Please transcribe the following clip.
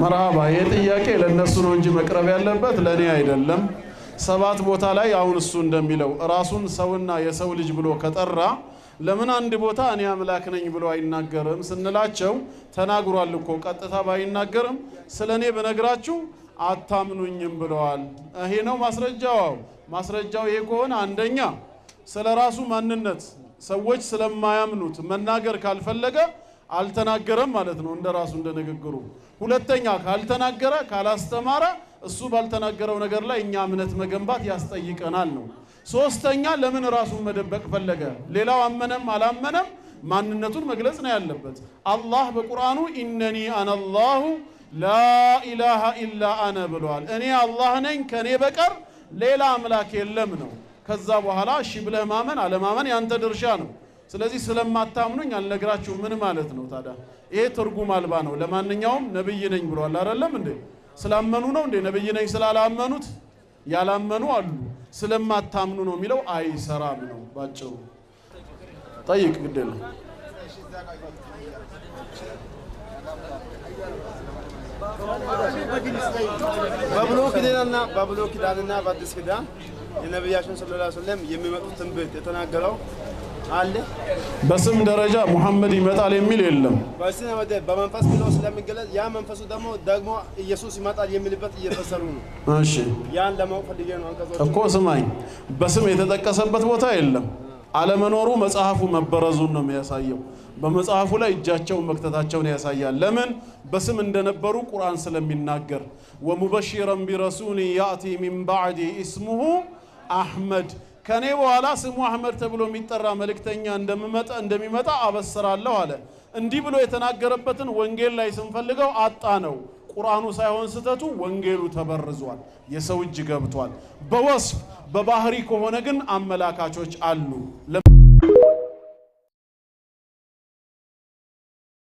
መርሃባ ይህ ጥያቄ ለእነሱ ነው እንጂ መቅረብ ያለበት ለእኔ አይደለም። ሰባት ቦታ ላይ አሁን እሱ እንደሚለው ራሱን ሰውና የሰው ልጅ ብሎ ከጠራ ለምን አንድ ቦታ እኔ አምላክ ነኝ ብሎ አይናገርም ስንላቸው ተናግሯል እኮ ቀጥታ ባይናገርም ስለ እኔ በነግራችሁ አታምኑኝም ብለዋል። ይሄ ነው ማስረጃው። ማስረጃው ይሄ ከሆነ አንደኛ ስለ ራሱ ማንነት ሰዎች ስለማያምኑት መናገር ካልፈለገ አልተናገረም ማለት ነው እንደ እንደ እንደንግግሩ። ሁለተኛ ካልተናገረ ካላስተማረ እሱ ባልተናገረው ነገር ላይ እኛ እምነት መገንባት ያስጠይቀናል ነው። ሶስተኛ ለምን ራሱን መደበቅ ፈለገ? ሌላው አመነም አላመነም ማንነቱን መግለጽ ነው ያለበት። አላህ በቁርአኑ ኢነኒ አነላሁ ላኢላሃ ኢላ አነ ብሏል። እኔ አላህ ነኝ ከእኔ በቀር ሌላ አምላክ የለም ነው። ከዛ በኋላ እሺ ብለህ ማመን አለማመን ያንተ ድርሻ ነው። ስለዚህ ስለማታምኑኝ አልነግራችሁ ምን ማለት ነው ታዲያ? ይሄ ትርጉም አልባ ነው። ለማንኛውም ነብይ ነኝ ብሏል አይደለም እንዴ? ስላመኑ ነው እንዴ? ነብይ ነኝ ስላላመኑት ያላመኑ አሉ። ስለማታምኑ ነው የሚለው አይሰራም ነው ባጭሩ። ጠይቅ ነው። በብሉይ ኪዳንና በብሉይ ኪዳንና በአዲስ ኪዳን የነቢያችን ሰለላሁ ዐለይሂ ወሰለም የሚመጡትን ትንቢት የተናገረው በስም ደረጃ ሙሐመድ ይመጣል የሚል የለም። በመንፈስ ብለው ስለሚገለጽ ያ መንፈሱ ደግሞ ደግሞ ኢየሱስ ይመጣል የሚልበት እየተሰሩ ነው። እሺ ያን ለማወቅ ፈልጌ ነው። አንቀጾች እኮ ስማኝ፣ በስም የተጠቀሰበት ቦታ የለም። አለመኖሩ መጽሐፉ መበረዙን ነው የሚያሳየው። በመጽሐፉ ላይ እጃቸውን መክተታቸውን ያሳያል። ለምን? በስም እንደነበሩ ቁርአን ስለሚናገር ወሙበሽረን ቢረሱል ያእቲ ሚን ባዕዲ እስሙሁ አሕመድ ከኔ በኋላ ስሙ አህመድ ተብሎ የሚጠራ መልእክተኛ እንደምመጣ እንደሚመጣ አበስራለሁ አለ። እንዲህ ብሎ የተናገረበትን ወንጌል ላይ ስንፈልገው አጣ ነው። ቁርአኑ ሳይሆን ስህተቱ ወንጌሉ ተበርዟል። የሰው እጅ ገብቷል። በወስፍ በባህሪ ከሆነ ግን አመላካቾች አሉ።